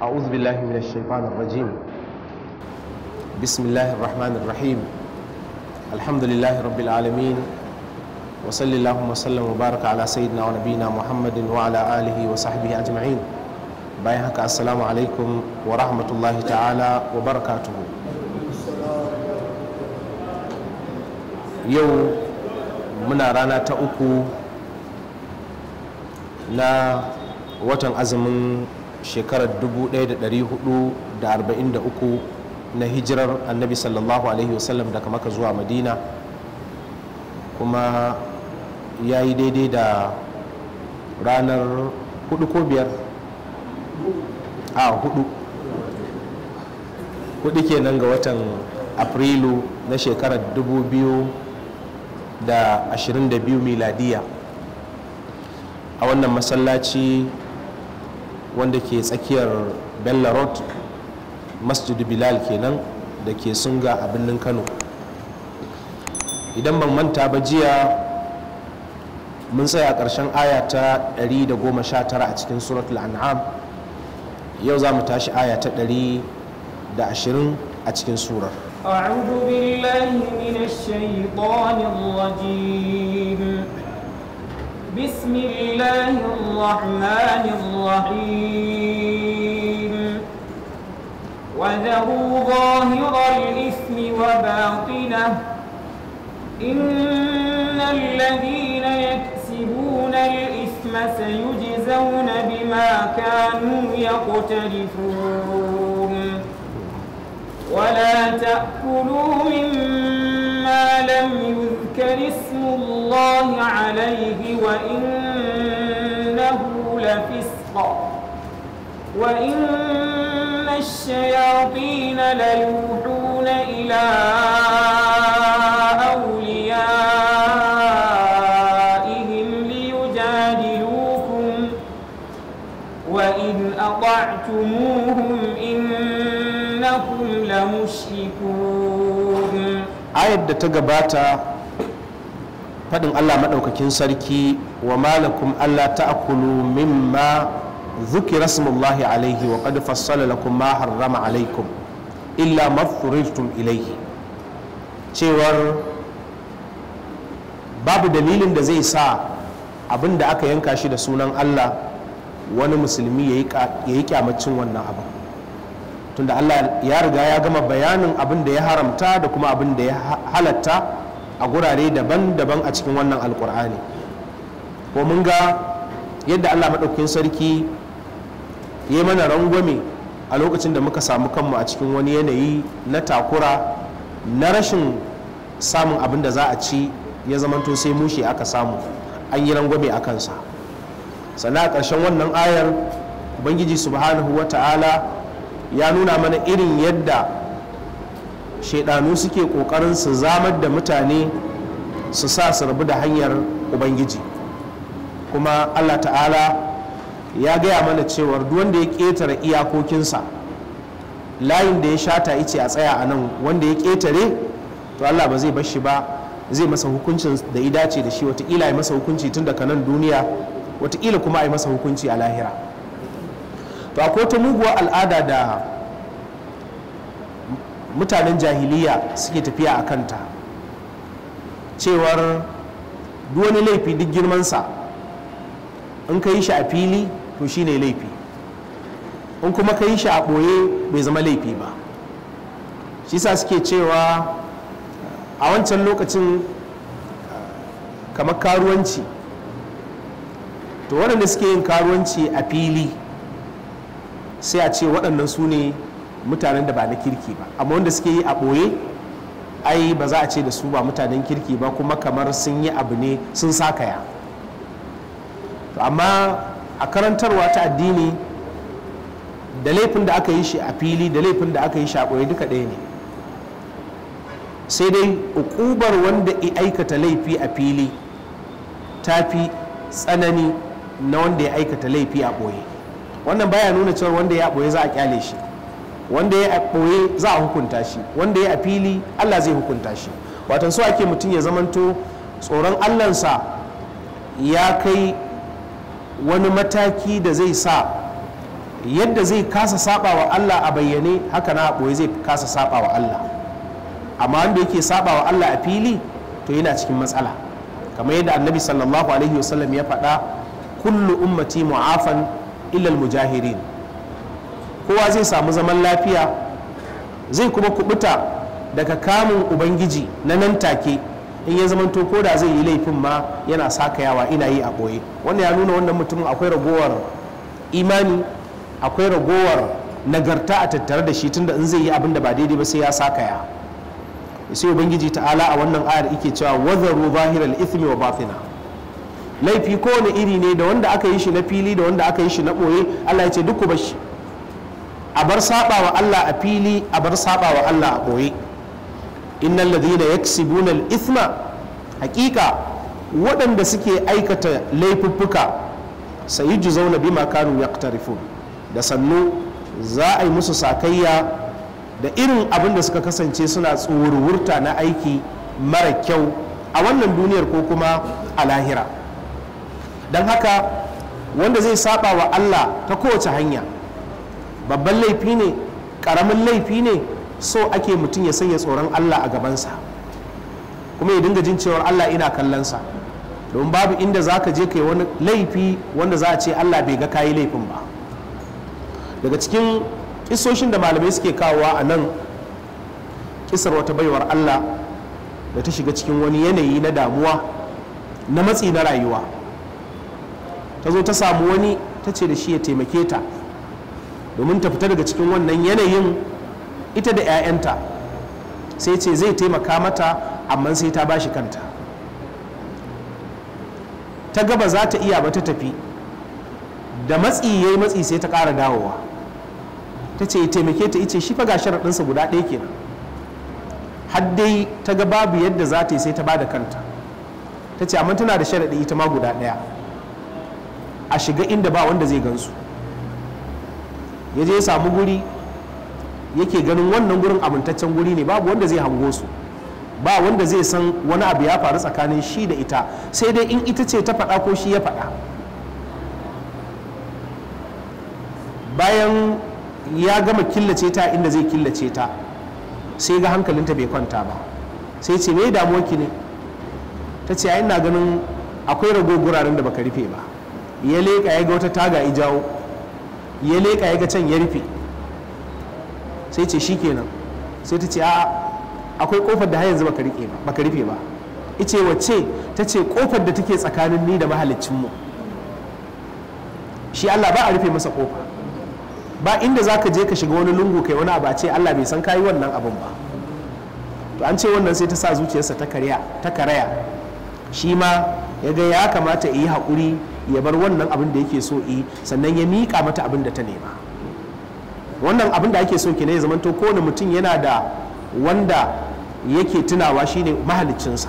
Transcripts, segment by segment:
أعوذ بالله من الشيطان الرجيم بسم الله الرحمن الرحيم الحمد لله رب العالمين وصلى اللهم وسلم وبارك على سيدنا ونبينا محمد وعلى آله وصحبه أجمعين بايهك السلام عليكم ورحمة الله تعالى وبركاته يوم من رانا تأكو na watan azumin shekarar 1443 na hijirar annabi sallallahu alaihi wasallam daga maka zuwa madina kuma ya yi daidai da ranar hudu ko biyar a hudu hudu kenan ga watan afrilu na shekarar 2022 miladiya a wannan masallaci wanda ke tsakiyar bella road masjid bilal kenan da ke sunga a birnin kano idan ban manta ba jiya mun tsaya ƙarshen aya ta 119 a cikin suratul an'am yau za mu tashi aya ta 120 a cikin surar أعوذ بالله من الشيطان الرجيم بسم الله الرحمن الرحيم وذروا ظاهر الإثم وباطنه إن الذين يكسبون الإثم سيجزون بما كانوا يقترفون ولا تأكلوا مما ما لم يذكر اسم الله عليه وإنه لفسق وإن الشياطين ليوحون إلى ayar da ta gabata faɗin allah maɗaukakin sarki wa malakum allah ta'kulu mimma zukira smullahi alaihi wa qad fassala lakum ma harrama alaikum illa ma ilaihi cewar babu dalilin da zai sa abin da aka yanka shi da sunan allah wani musulmi ya yi kyamacin wannan abin tunda Allah ya riga ya gama bayanin abin da ya haramta da kuma abin da ya halatta a gurare daban-daban a cikin wannan alkur'ani ko mun ga yadda Allah maɗaukin sarki ya mana rangwame a lokacin da muka samu kanmu a cikin wani yanayi na takura na rashin samun abin da za a ci ya zamanto sai mushe aka samu an yi rangwame a kansa sannan a ƙarshen wannan ayar ubangiji subhanahu wa ta'ala ya nuna mana irin yadda shaidanu suke kokarin su zamar da mutane su sa su rabu da hanyar ubangiji kuma allah ta'ala ya gaya mana cewar wanda ya ƙetare iyakokinsa layin da ya shata ice a tsaya a nan wanda ya ƙetare to allah ba zai bar shi ba zai masa hukuncin da ya dace da shi wataƙila ya masa hukunci tun daga nan duniya wataƙila kuma a yi masa hukunci a lahira to akwai ta muguwar al'ada da mutanen jahiliya suke tafiya a kanta cewar wani laifi duk girmansa in ka yi shi a fili to shi ne laifi in kuma ka yi shi a ɓoye bai zama laifi ba shi sa suke cewa a wancan lokacin kamar karuwanci to waɗanda suke yin karuwanci a fili sai a ce waɗannan su ne mutanen da ba na kirki ba amma wanda suke yi a ɓoye ai ba za a ce da su ba mutanen kirki ba kuma kamar sun yi abu ne sun sakaya amma a karantarwa ta addini da laifin da aka yi shi a fili da laifin da aka yi shi a ɓoye duka ɗaya ne sai dai ukubar wanda ya aikata laifi a fili ta fi tsanani na wanda ya aikata laifi a ɓoye wannan baya nuna cewa wanda ya ɓoye za a kyale shi wanda ya ɓoye za a hukunta shi wanda ya a fili allah zai hukunta shi watan so ake mutum ya zamanto tsoron allansa ya kai wani mataki da zai sa yadda zai kasa saba wa allah a bayyane haka na ɓoye zai kasa saba wa allah amma wanda yake saba wa allah a fili to yana cikin matsala kamar yadda annabi sallallahu alaihi wasallam ya faɗa kullu ummati mu'afan illal mujahirin kowa zai samu zaman lafiya zai kuma kubuta daga kamun ubangiji na nan take in ya zamanto ko da zai yi laifin ma yana sakayawa ina yi a ɓoye wannan ya nuna wannan mutumin akwai ragowar imani akwai ragowar nagarta a tattare da shi tunda in zai yi abin da ba daidai ba sai ya sakaya sai ubangiji ta'ala a wannan ayar ike cewa wazaru zahiral ithmi wa bafina laifi kowane iri ne da wanda aka yi shi na fili da wanda aka yi shi na ɓoye Allah ya ce duk ba bashi a bar saba wa Allah a fili a bar saba wa Allah a ɓoye innal ladhina yaksibuna al-ithma hakika waɗanda suke aikata laifuffuka zauna bima kanu yaqtarifun da sannu za a yi musu sakayya da irin abin da suka kasance suna tsuwurwurta na aiki mara kyau a wannan duniyar ko kuma a lahira don haka wanda zai saba wa Allah ta kowace hanya babban laifi ne ƙaramin laifi ne so ake mutum ya sanya tsoron Allah a gabansa kuma ya dinga jin cewar Allah ina kallonsa don babu inda za ka je kai wani laifi wanda za a ce Allah bai ga kayi laifin ba daga cikin kisoshin da malamai suke kawowa a nan kisar wata baiwar Allah da ta shiga cikin wani yanayi na damuwa na matsi na rayuwa ta zo ta samu wani ta ce da shi ya taimake ta domin ta fita daga cikin wannan yanayin ita da 'ya'yanta sai ce zai taimaka mata amma sai ta bashi kanta ta gaba za ta iya ba ta tafi da matsi ya yi matsi sai ta ƙara dawowa ta ce taimake ta ice shi faga sharaɗinsa guda ɗaya kenan har dai ta ga babu yadda za ta yi sai ta ba da kanta ta ce amma tana da sharaɗi ita ma guda ɗaya a shiga inda ba wanda zai gansu ya je ya samu guri yake ganin wannan gurin amintaccen guri ne babu wanda zai hango su ba wanda zai san wani abu ya faru tsakanin shi da ita sai dai in ita ce ta faɗa ko shi ya faɗa bayan ya gama killace ta inda zai killace ta sai ga hankalinta bai kwanta ba sai ce me damuwa ki ne ta ce ina ganin akwai rago guraren da baka rufe ba ya leƙa ya ga wata taga ya jawo ya leƙa ya ga can ya rufe sai ce shi kenan sai ta ce a akwai kofar da har yanzu baka rufe ba baka rufe ba ice wacce ta ce kofar da take tsakanin ni da mahalicinmu shi Allah ba a rufe masa kofa ba inda za ka je ka shiga wani lungu kai wani abu a ce Allah bai san kayi wannan abun ba to an ce wannan sai ta sa zuciyarsa ta karaya shi ma ya ga ya kamata yi haƙuri ya bar wannan abin da yake so yi sannan ya miƙa mata abin da ta nema wannan abin da ake so kenan ya zamanto kowane mutum yana da wanda yake tunawa shine mahaliccinsa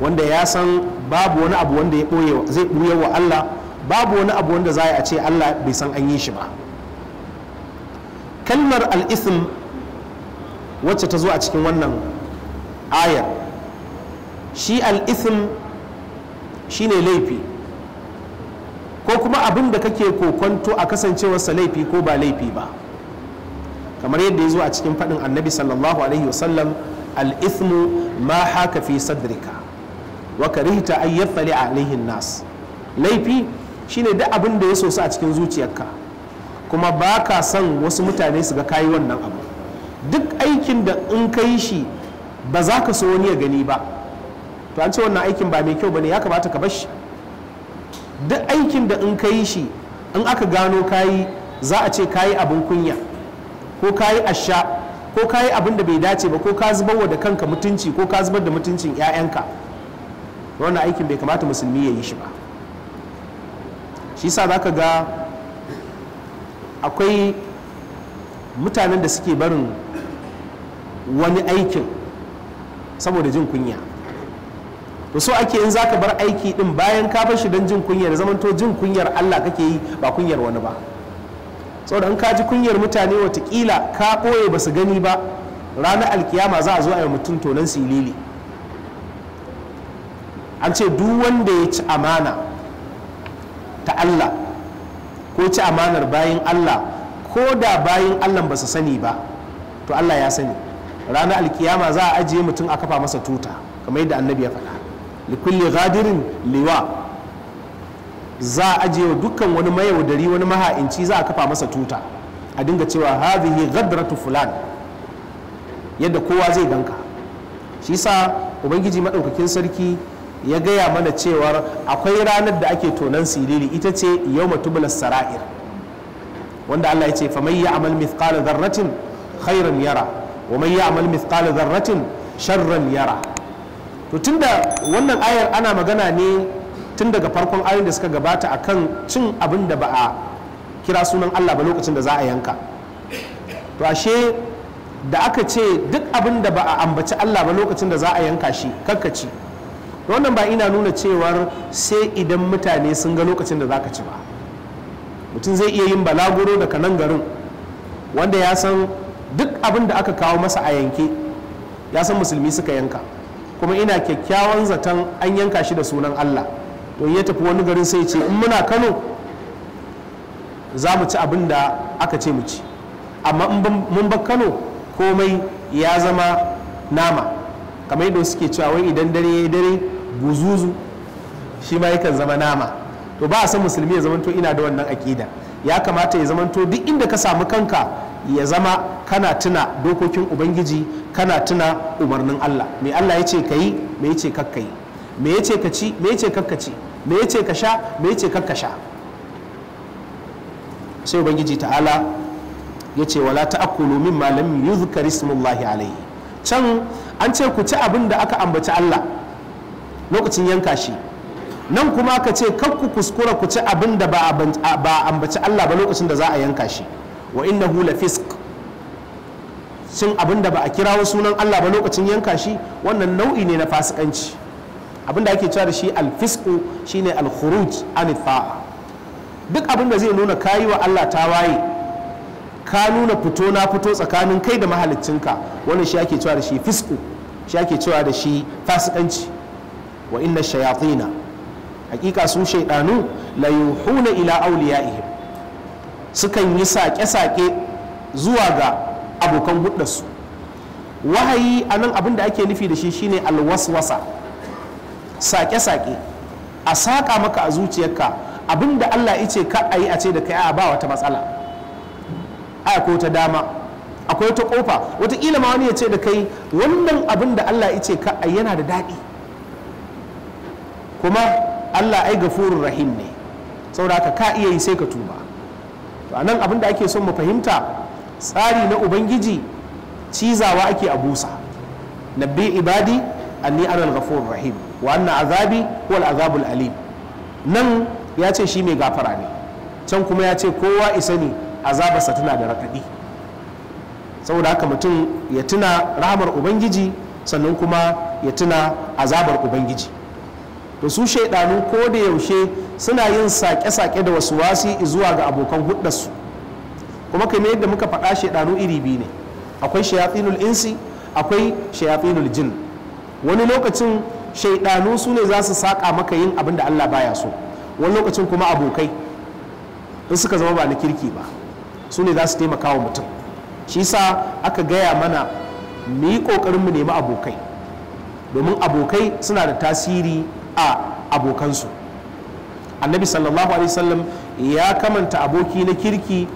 wanda ya san babu wani abu wanda zai ɓuya wa Allah babu wani abu wanda za a ce Allah bai san an yi shi ba kalmar al'ism wacce ta zo a cikin wannan ayar shi al'ism shine ne laifi ko kuma abin da kake kokonto a kasancewarsa laifi ko ba laifi ba kamar yadda ya zo a cikin faɗin annabi sallallahu alaihi wasallam al-ithmu ma haka fi sadrika wa karihta an alaihin nas laifi shine duk abin da ya sosa a cikin zuciyarka kuma ba ka son wasu mutane su ga kayi wannan abu duk aikin da in ka yi shi ba za ka so wani ya gani ba to an ce wannan aikin ba mai kyau ne ya kamata ka bar shi duk aikin da in ka yi shi in aka gano kayi za a ce kayi abin kunya ko kayi asha ko kayi abin da bai dace ba ko ka zubar da kanka mutunci ko ka zubar da mutuncin 'ya'yanka wannan aikin bai kamata musulmi ya yi shi ba shi sa za ka ga akwai mutanen da suke barin wani aikin saboda jin kunya to so ake yin zaka bar aiki din bayan ka fashi don jin kunyar zamanto jin kunyar Allah kake yi ba kunyar wani ba saboda in ka ji kunyar mutane watakila ka ɓoye ba su gani ba ranar alkiyama za a zo a yi mutum tonon silili an ce duk wanda ya ci amana ta Allah ko ci amanar bayan Allah ko da bayan Allah ba su sani ba to Allah ya sani ranar alkiyama za a ajiye mutum a kafa masa tuta kamar yadda annabi ya faɗa likulli ghadirin liwa za a ajiye dukkan wani mayaudari wani maha'inci za a kafa masa tuta a dinga cewa hadhihi ghadratu fulan yadda kowa zai ganka shi sa ubangiji maɗaukakin sarki ya gaya mana cewar akwai ranar da ake tonan siriri ita ce yau matubulas sara'ir wanda allah ya ce fa mai ya'amal mithqala dharratin khairan yara wa mai ya'amal mithqala dharratin sharran yara to tunda wannan ayar ana magana ne tun daga farkon ayoyin da suka gabata akan cin abin da ba a kira sunan Allah ba lokacin da za a yanka to ashe da aka ce duk abin da ba a ambaci Allah ba lokacin da za a yanka shi kakkaci wannan ba ina nuna cewar sai idan mutane sun ga lokacin da za ka ci ba mutum zai iya yin balaguro daga nan garin wanda ya san duk abin da aka kawo masa a yanke ya san musulmi suka yanka kuma ina kyakkyawan zaton an yanka shi da sunan Allah to ya tafi wani garin sai ce in muna Kano za mu ci abin da aka ce mu ci amma mun bar Kano komai ya zama nama kamar yadda suke cewa wai idan dare ya dare buzuzu shi ma yakan zama nama to ba a san musulmi ya zamanto ina da wannan akida ya kamata ya zamanto duk inda ka samu kanka ya zama kana tuna dokokin ubangiji kana tuna umarnin Allah me Allah ya ce ka yi me ya ce kakka yi me ya ce ka ci me ya ce kakka ci me ya ce ka sha mai ya ce kakka sha sai ubangiji ta'ala ya ce wala ta'akulu min malam yuzkar ismullahi alaihi can an ce ku ci abin da aka ambaci Allah lokacin yanka shi nan kuma ka ce ku kuskura ku ci abin da ba a ambaci Allah ba lokacin da za a yanka shi wa innahu lafi cin abin da ba a kirawo sunan Allah ba lokacin yanka shi wannan nau'i ne na fasikanci abin da ake cewa da shi alfisku shine alkhuruj an duk abin da zai nuna kayi wa Allah ta waye ka nuna fito na fito tsakanin kai da mahaliccinka wannan shi ake cewa da shi fisku shi ake cewa da shi fasikanci wa inna shayatina hakika su shaidanu la yuhuna ila awliyaihim sukan yi sake-sake zuwa ga abokan hudarsu wahayi a nan abin da ake nufi da shi shine alwaswasa sake-sake a saƙa maka a zuciyarka abin da Allah ya ka a yi a ce da kai a ba wata matsala a ko ta dama akwai wata kofa watakila ma wani ya ce da kai wannan abin da Allah ya ce ka a yana da daɗi kuma Allah ai furin rahim ne saboda ka iya yi sai ka tuba to anan abin da ake son mu fahimta tsari na ubangiji cizawa ake a busa bi ibadi anni ana al-ghafur rahim wa anna azabi wal azabul alim nan ya ce shi mai gafara ne can kuma ya ce kowa isa ne azabarsa tana da raƙaɗi saboda haka mutum ya tuna rahamar ubangiji sannan kuma ya tuna azabar ubangiji to su shaidanu ko da yaushe suna yin sake-sake da wasu wasi zuwa ga abokan hudarsu kuma kamar yadda muka faɗa shaidanu iri biyu ne akwai shayatsinul insi akwai shayatsinul jin wani lokacin shaidanu su ne za su saƙa maka yin abin da Allah baya so wani lokacin kuma abokai in suka zama ba na kirki ba su ne za su taimaka wa mutum shi sa aka gaya mana mu yi ƙoƙarin mu nemi abokai domin abokai suna da tasiri a abokansu annabi sallallahu alaihi wasallam ya kamanta aboki na kirki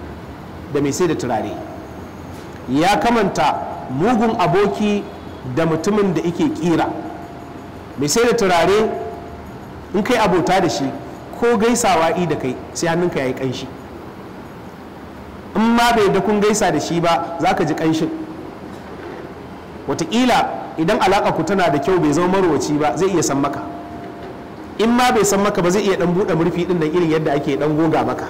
da mai sai da turare ya kamanta mugun aboki da mutumin da ike kira mai sai da turare in kai abota da shi ko gaisawa i da kai sai hannunka ya yi kanshi in ma bai da kun gaisa da shi ba za ka ji kanshin wataƙila idan alaƙa ku tana da kyau bai zama marwaci ba zai iya san maka in ma bai san maka ba zai iya dan buɗe murfi ɗin nan irin yadda ake dan goga maka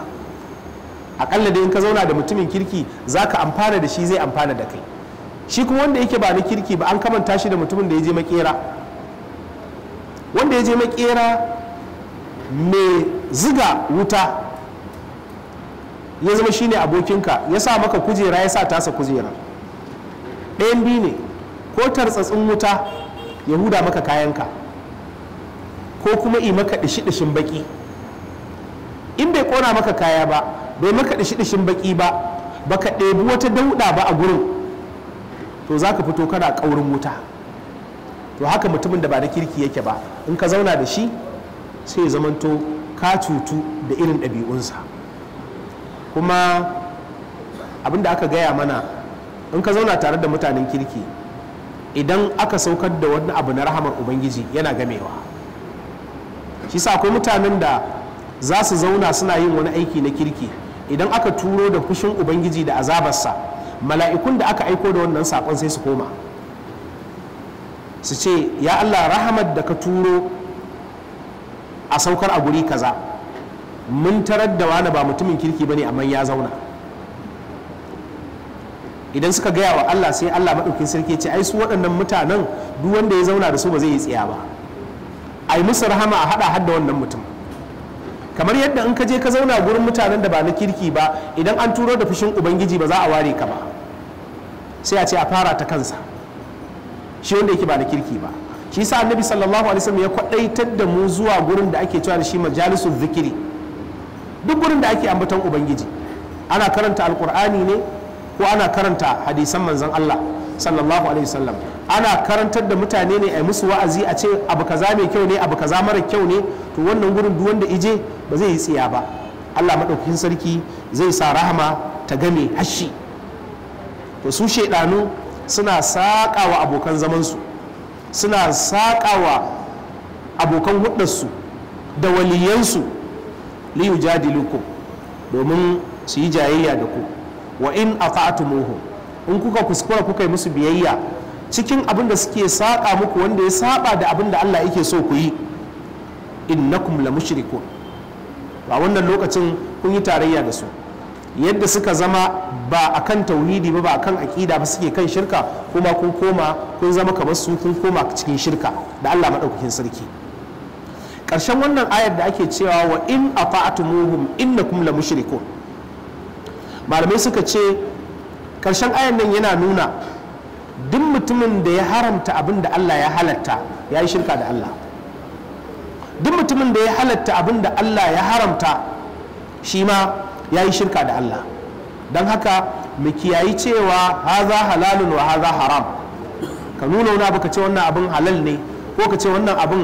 akalla dai in ka zauna da mutumin kirki za ka amfana da shi zai amfana da kai shi kuma wanda yake ba na kirki ba an kamanta shi da mutumin da ya je makera wanda ya je makera mai ziga wuta ya zama shine abokinka ya sa maka kujera ya sa tasa kujera ɗayan biyu ne ko tartsatsin wuta ya huda maka kayanka ko kuma i maka dishi-dishin baki in bai kona maka kaya ba bai maka dishi dishin baki ba ba baka ɗebi wata dauɗa ba a gurin to za ka fito kana ƙaurin wuta to haka mutumin da ba na kirki yake ba in ka zauna da shi sai zamanto ka cutu da irin ɗabi'unsa kuma abinda aka gaya mana in ka zauna tare da mutanen kirki idan aka saukar da wani abu na rahaman ubangiji yana gamewa shi sa akwai mutanen da za su zauna suna yin wani aiki na kirki idan aka turo da fushin ubangiji da azabarsa mala'ikun da aka aiko da wannan sakon sai su koma su ce ya allah rahamar da ka turo a saukar a guri kaza mun tarar da wani ba mutumin kirki ba ne amma ya zauna idan suka gaya wa allah sai allah maɗaukin sarki ce ai su waɗannan mutanen duk wanda ya zauna da su ba zai yi tsiya ba ai musu rahama a haɗa hadda wannan mutum kamar yadda in ka je ka zauna gurin mutanen da ba na kirki ba idan an turo da fushin ubangiji ba za a ware ka ba sai a ce a fara ta kansa shi wanda yake ba na kirki ba shi sa annabi sallallahu alaihi wasallam ya kwadaitar da mu zuwa gurin da ake cewa da shi majalisul zikiri duk gurin da ake ambaton ubangiji ana karanta alkur'ani ne ko ana karanta hadisan manzon Allah sallallahu alaihi wasallam ana karantar da mutane ne a musu wa'azi a ce abu kaza mai kyau ne abu kaza mara kyau ne to wannan gurin duk wanda ije ba zai yi tsiya ba Allah maɗaukin sarki zai sa rahama ta game hashi to su shaidanu suna saƙawa abokan zamansu suna saƙawa abokan hudarsu da waliyansu liyu jadiluku domin su yi jayayya da ku wa in ata'tumuhu in kuka kuskura kuka yi musu biyayya cikin abin da suke saƙa muku wanda ya saba da abin da Allah yake so ku yi innakum la mushrikun a wannan lokacin kun yi tarayya da su yadda suka zama ba a kan tauhidi ba ba a kan aƙida ba suke kan shirka kuma kun koma kun zama kamar su kun koma cikin shirka da Allah maɗaukakin sarki ƙarshen wannan ayar da ake cewa wa in afa'atumuhum innakum la mushrikun malamai suka ce ƙarshen ayar nan yana nuna duk mutumin da ya haramta abin da Allah ya halatta ya yi shirka da Allah duk mutumin da ya halatta abin da Allah ya haramta shi ma ya yi shirka da Allah don haka mu kiyayi cewa haza halalun wa haza haram ka nuna wani abu ka ce wannan abin halal ne ko ka ce wannan abin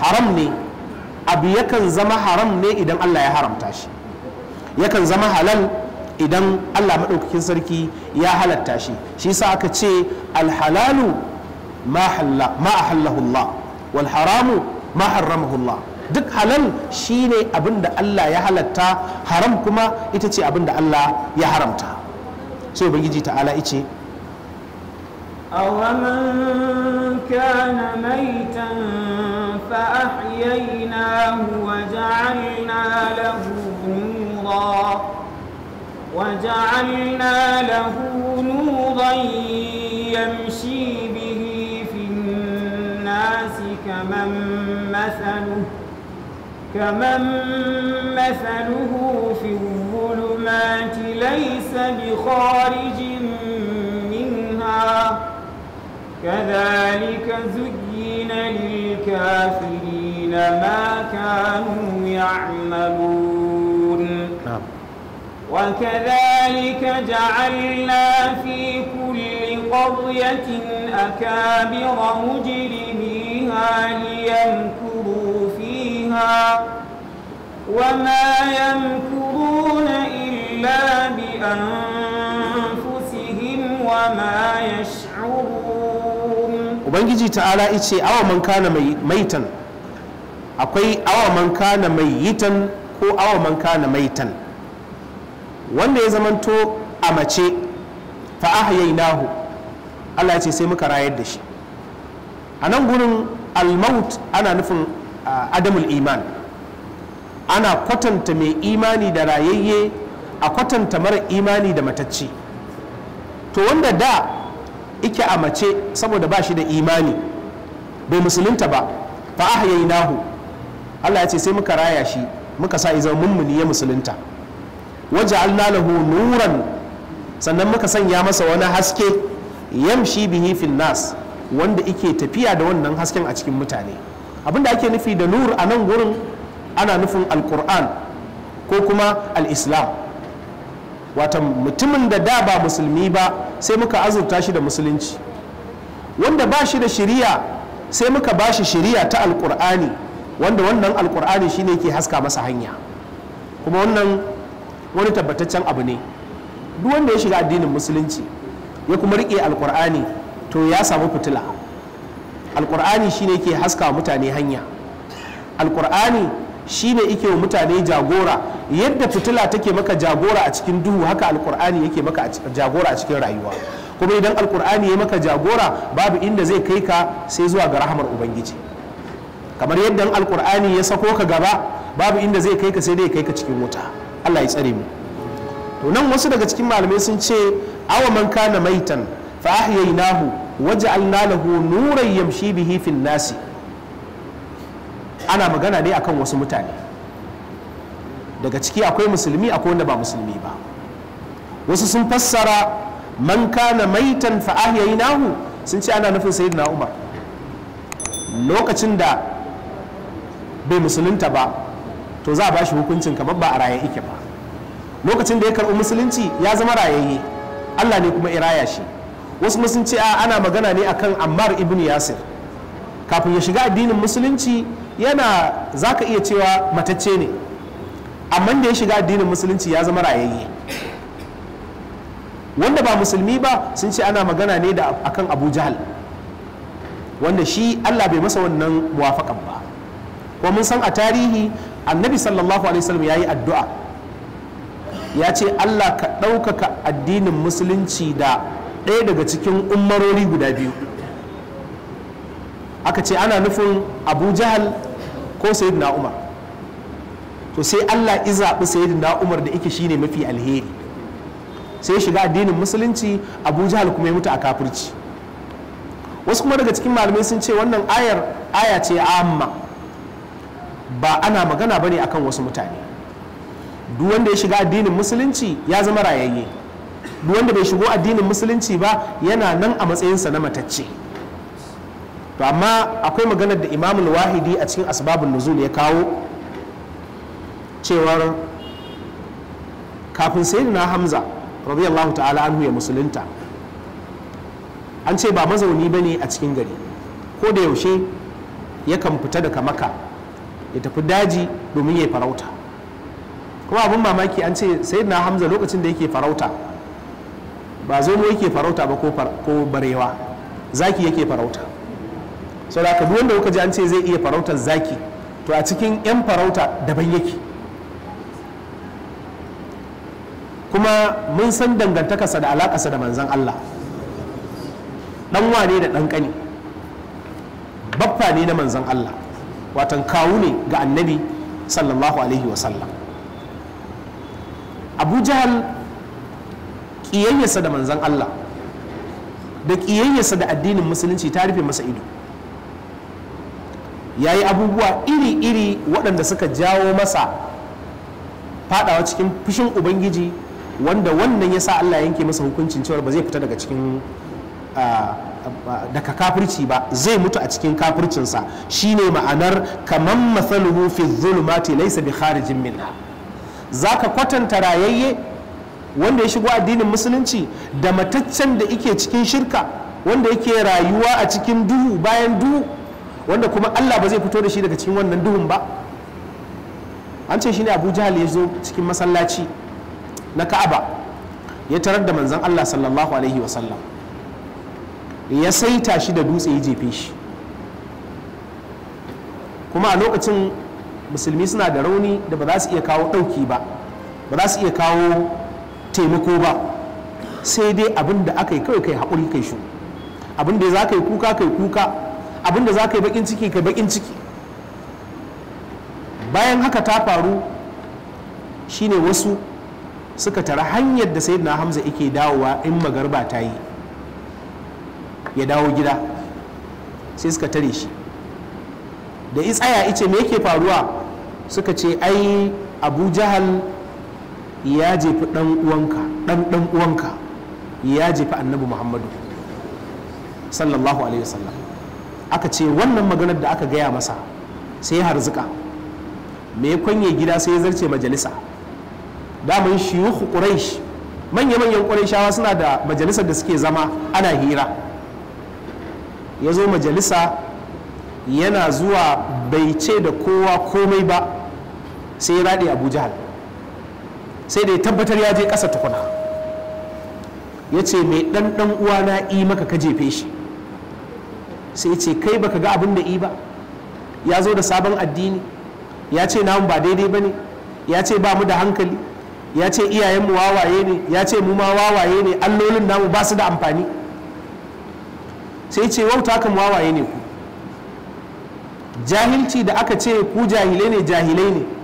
haram ne abu yakan zama haram ne idan Allah ya haramta shi yakan zama halal idan Allah maɗaukakin sarki ya halatta shi shi sa aka ce alhalalu ma ahallahu Allah wal haramu ma harramahullah duk halal shine abin da Allah ya halatta haram kuma ita ce abin da Allah ya haramta sai ubangiji ta'ala ice أَوَمَنْ كَانَ مَيْتًا فَأَحْيَيْنَاهُ وَجَعَلْنَا لَهُ نُورًا وَجَعَلْنَا لَهُ نُورًا يَمْشِي بِهِ فِي النَّاسِ كَمَنْ كمن مثله في الظلمات ليس بخارج منها كذلك زين للكافرين ما كانوا يعملون نعم. وكذلك جعلنا في كل قرية أكابر مجرميها ليمكروا بها وما يمكرون إلا بأنفسهم وما يشعرون وبنجي تعالى إتشي أو من كان ميتا akwai awa man kana mayitan ko awa man kana maitan wanda ya zamanto a mace fa ahyaynahu Allah ya ce sai muka rayar da shi a nan gurin almaut ana nufin adamul iman ana kwatanta mai imani da rayayye a kwatanta mara imani da matacci to wanda da ike a mace saboda ba shi da imani bai musulunta ba fa ahyaynahu Allah ya ce sai muka raya shi muka sa izan mummuni ya musulunta waje lahu nuran sannan muka sanya masa wani haske yamshi bihi fil nas wanda ike tafiya da wannan hasken a cikin mutane abinda ake nufi da nur a nan wurin ana nufin alkur'an ko kuma al'islam wata mutumin da da ba musulmi ba sai muka azurta shi da musulunci wanda ba shi da shiriya sai muka ba shi shiriya ta alkur'ani wanda wannan alkur'ani shine ke haska masa hanya kuma wannan wani tabbataccen abu ne duk wanda ya shiga addinin musulunci ya kuma riƙe alkur'ani to ya samu fitila alkur'ani shine ke haska mutane hanya alkur'ani shine yake wa mutane jagora yadda fitila take maka jagora a cikin duhu haka alkur'ani yake maka jagora a cikin rayuwa kuma idan alkur'ani ya maka jagora babu inda zai kai ka sai zuwa ga rahamar ubangiji kamar yadda alkur'ani ya sako ka gaba babu inda zai kai ka sai dai kai ka cikin wuta allah ya tsare mu to nan wasu daga cikin malamai sun ce awa man kana maitan fa ahyaynahu waj'alna lahu nuran yamshi bihi fil nasi ana magana ne akan wasu mutane daga ciki akwai musulmi akwai wanda ba musulmi ba wasu sun fassara man kana maitan fa ahyaynahu sun ce ana nufin sayyidina umar lokacin da bai musulunta ba to za a bashi hukuncin kamar ba a raye ike ba lokacin da ya karɓi musulunci ya zama rayayye allah ne kuma iraya shi wasu masu ce ana magana ne akan ammar ibn yasir kafin ya shiga addinin musulunci yana za ka iya cewa matacce ne amma da ya shiga addinin musulunci ya zama rayayye wanda ba musulmi ba sun ce ana magana ne da akan abu jahal wanda shi allah bai masa wannan muwafaƙan ba ko mun san a tarihi annabi sallallahu alaihi wasallam ya yi addu'a ya ce allah ka ɗaukaka addinin musulunci da ɗaya daga cikin umarori guda biyu aka ce ana nufin abu jahal ko sayyidina umar to sai allah izaɓi sayyidina umar da ike shine mafi alheri sai shiga addinin musulunci abu jahal kuma ya mutu a kafirci wasu kuma daga cikin malamai sun ce wannan ayar aya ce amma ba ana magana ba ne akan wasu mutane duk wanda ya shiga addinin musulunci ya zama rayayye duk wanda bai shigo addinin musulunci ba yana nan a matsayinsa na matacce to amma akwai maganar da imamul wahidi a cikin asbabun nuzul ya kawo cewar kafin na hamza radiyallahu ta'ala anhu ya musulunta an ce ba mazauni bane a cikin gari ko da yaushe yakan fita daga maka ya tafi daji domin ya farauta kuma abin mamaki an ce na hamza lokacin da yake farauta ba zomo yake farauta ba ko barewa zaki yake farauta sau da duk wanda kuka ji an ce zai iya farautar zaki to a cikin 'yan farauta daban yake kuma mun san dangantakarsa da alakarsa da manzan Allah ɗan wane da ɗan ƙani baffa ne na manzan Allah watan kawu ne ga annabi sallallahu alaihi wasallam abu jahal ƙiyayyarsa da manzan Allah da ƙiyayyarsa da addinin musulunci ta rufe masa ido ya yi abubuwa iri-iri waɗanda suka jawo masa fadawa cikin fushin ubangiji wanda wannan ya sa Allah yanke masa hukuncin cewa ba zai fita daga cikin daga kafirci ba zai mutu a cikin kafircinsa shi ne ma'anar kaman mathaluhu fi zulumati laisa bi kharijin za ka kwatanta rayayye wanda ya shigo addinin musulunci da mataccen da yake cikin shirka wanda yake rayuwa a cikin duhu bayan duhu wanda kuma Allah ba zai fito da shi daga cikin wannan duhun ba an ce shine Abu Jahal ya zo cikin masallaci na Ka'aba ya tarar da manzon Allah sallallahu alaihi wasallam ya saita shi da dutse ya jefe shi kuma a lokacin musulmi suna da rauni da ba za su iya kawo ɗauki ba ba za su iya kawo taimako ba sai dai abin da aka yi kawai kai haƙuri kai shi abin da za ka yi kuka kai kuka abin da za ka yi baƙin ciki kai baƙin ciki bayan haka ta faru shine wasu suka tara hanyar da sayyidina hamza yake dawowa in magarba ta yi ya dawo gida sai suka tare shi da itsaya tsaya ice me yake faruwa suka ce ai abu jahal ya jefi ɗan uwanka ya jefi annabi muhammadu sallallahu alaihi wasallam aka ce wannan maganar da aka gaya masa sai harzuka me ya kwanye gida sai ya zarce majalisa daman shiyuhu quraish manya-manyan shawa suna da majalisar da suke zama ana hira ya zo majalisa yana zuwa bai ce da kowa komai ba sai ya raɗe abu jahal sai da ya tabbatar ya je ƙasa tukuna ya ce mai ɗan ɗan na i maka ka jefe shi sai ce kai baka ga abin da i ba ya zo da sabon addini ya ce namu ba daidai ba ne ya ce ba mu da hankali ya ce iyayenmu wawaye ne ya ce mu ma wawaye ne allolin namu ba su da amfani sai ce wauta kan wawaye ne ku jahilci da aka ce ku jahilai ne jahilai ne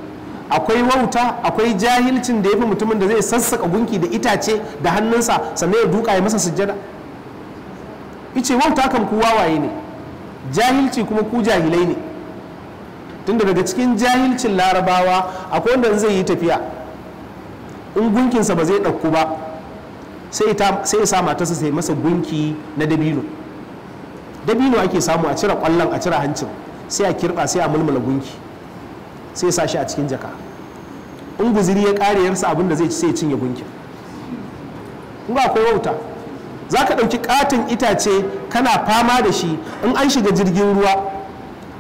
akwai wauta akwai jahilcin da ya fi mutumin da zai sassaka gunki da itace da hannunsa sannan ya duka ya masa sujjada ice wauta kan ku wawaye ne jahilci kuma ku jahilai ne tunda daga cikin jahilcin larabawa akwai wanda zai yi tafiya in gunkinsa ba zai ɗauku ba sai ya sa matarsa sai masa gunki na dabino dabino ake samu a cire ƙwallon a cire hancin sai a kirɓa sai a mulmula gunki sai sa shi a cikin jaka in guziri ya kare yarsa abin da zai ci sai cinye gunkin in ba akwai wauta za ka ɗauki katin itace kana fama da shi in an shiga jirgin ruwa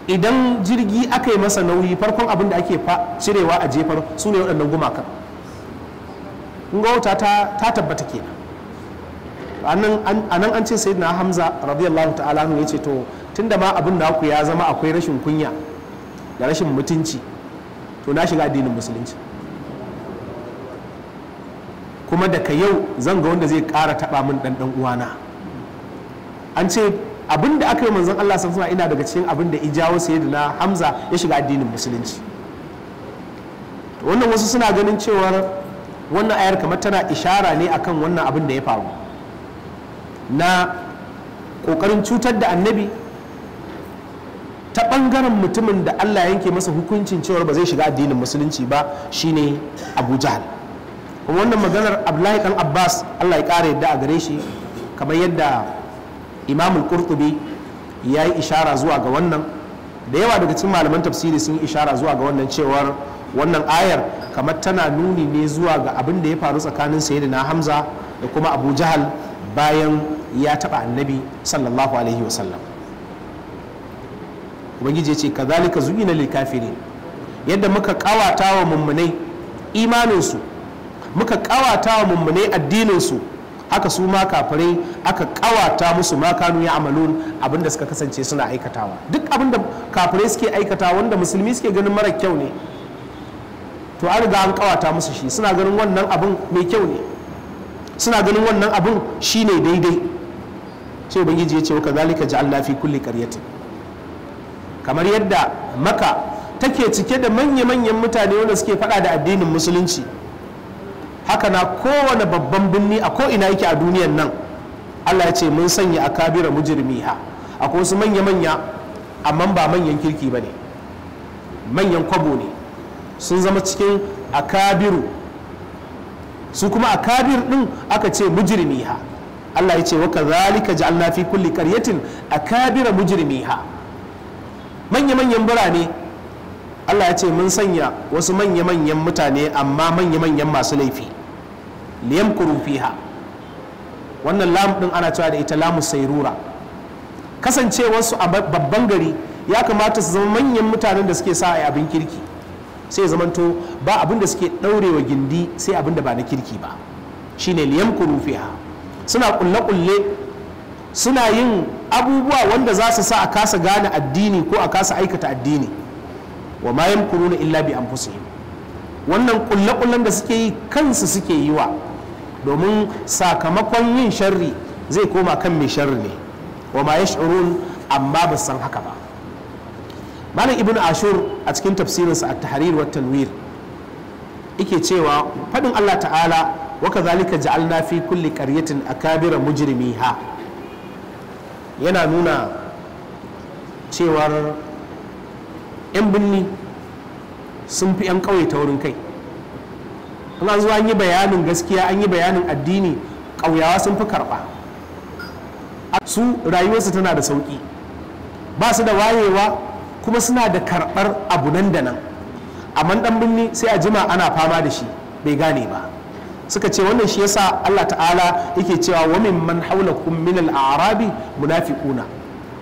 idan jirgi aka yi masa nauyi farkon abin da ake cirewa a jefar su ne waɗannan gumakan in ga wauta ta tabbata kenan a nan an ce sai na hamza radiyallahu ta'ala ya ce to tunda ma abin da ku ya zama akwai rashin kunya da rashin mutunci to na shiga addinin musulunci kuma daga yau zan ga wanda zai kara taɓa min ɗanɗan uwana an ce abin da aka yi manzon Allah sun suna ina daga cikin abin da ijawo sai da na hamza ya shiga addinin musulunci wannan wasu suna ganin cewar wannan ayar kamar tana ishara ne akan wannan abin da ya faru na ƙoƙarin cutar da annabi ta bangaren mutumin da Allah yanke masa hukuncin cewa ba zai shiga addinin musulunci ba shine Abu Jahl kuma wannan maganar Abdullahi dan Abbas Allah ya kare yadda a gare shi kamar yadda Imam Al-Qurtubi ya yi ishara zuwa ga wannan da yawa daga cikin malaman tafsiri sun yi ishara zuwa ga wannan cewar wannan ayar kamar tana nuni ne zuwa ga abin da ya faru tsakanin sayyidina Hamza da kuma Abu Jahl bayan ya taɓa annabi sallallahu alaihi wasallam ubangiji ya ce kazalika zuyina lil kafirin yadda muka kawata wa mummunai imaninsu muka kawata wa mummunai addininsu haka su ma kafirai aka kawata musu ma kanu ya amalun abinda suka kasance suna aikatawa duk abinda kafirai suke aikatawa wanda musulmi suke ganin mara kyau ne to an riga an kawata musu shi suna ganin wannan abin mai kyau ne suna ganin wannan abin shine daidai sai ubangiji ya ce wa kazalika ja'alna fi kulli qaryatin kamar yadda maka take cike da manya-manyan mutane wanda suke fada da addinin musulunci haka na kowane babban birni a ko'ina yake a duniyan nan allah ya ce mun sanya a kabira akabira a akwai wasu manya-manya amma ba manyan kirki ba ne manyan kwabo ne sun zama cikin akabiru su kuma a kabir din aka ce mujirmiha allah ya ce wa zalika ji fi kulli karyatin kabira akabira mujirmiha manya-manyan birane allah ya ce mun sanya wasu manya-manyan mutane amma manya-manyan masu laifi liyam kurufiha wannan lamudin din ana cewa da ita lamu sairura wasu a babban gari ya kamata su zama manyan mutanen da suke sa a abin kirki sai zamanto ba abin da suke daurewa gindi sai abin da ba na kirki ba shine liyam kurufiha suna kulle-kulle suna yin abubuwa wanda za su sa a kasa gane addini ko a kasa aikata addini wa ma yamkuruna illa bi anfusihim wannan kullakullan da suke yi kansu suke yi wa domin sakamakon yin sharri zai koma kan mai sharri ne wa ma yash'urun amma ba san haka ba malam ibn ashur a cikin tafsirinsa at-tahrir wa tanwir yake cewa faɗin Allah ta'ala wa kadhalika ja'alna fi kulli qaryatin akabira ha. yana nuna cewar 'yan birni sun fi 'yan ƙauye ta wurin kai an zuwa an yi bayanin gaskiya an yi bayanin addini ƙauyawa sun fi karɓa su rayuwarsu tana da sauƙi ba su da wayewa kuma suna da karɓar abu nan da nan amma dan birni sai a jima ana fama da shi bai gane ba suka ce wannan shi yasa Allah ta'ala yake cewa wa min man hawlakum min al-a'rabi munafiquna